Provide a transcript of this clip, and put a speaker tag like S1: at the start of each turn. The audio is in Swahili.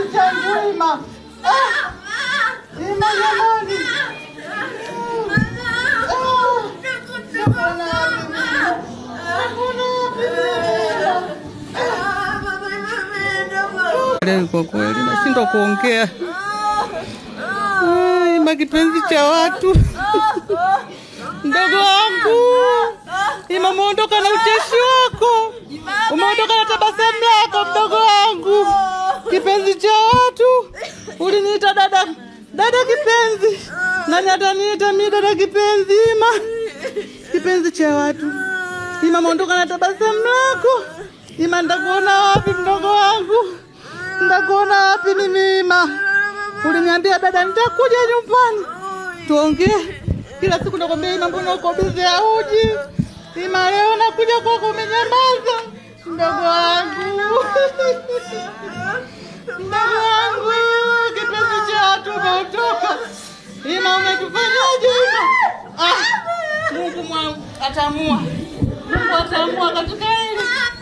S1: Msichana njema.
S2: jamani. Kwa kweli nashindwa kuongea Ima, kipenzi cha watu ndogo wangu Ima, umeondoka na ucheshi wako, umeondoka na tabasamu Yaani hata niita dada kipenzi ima. Kipenzi cha watu. Ima mondoka na tabasamu lako. Ima ndakuona wapi mdogo wangu? Ndakuona wapi mimi ima? Uliniambia dada nitakuja nyumbani. Tuongee. Kila siku nakwambia ima mbona uko bize auji? Ima leo nakuja kwako umenyamaza. Mdogo wangu. Mdogo atamua, Mungu atamua katika hili.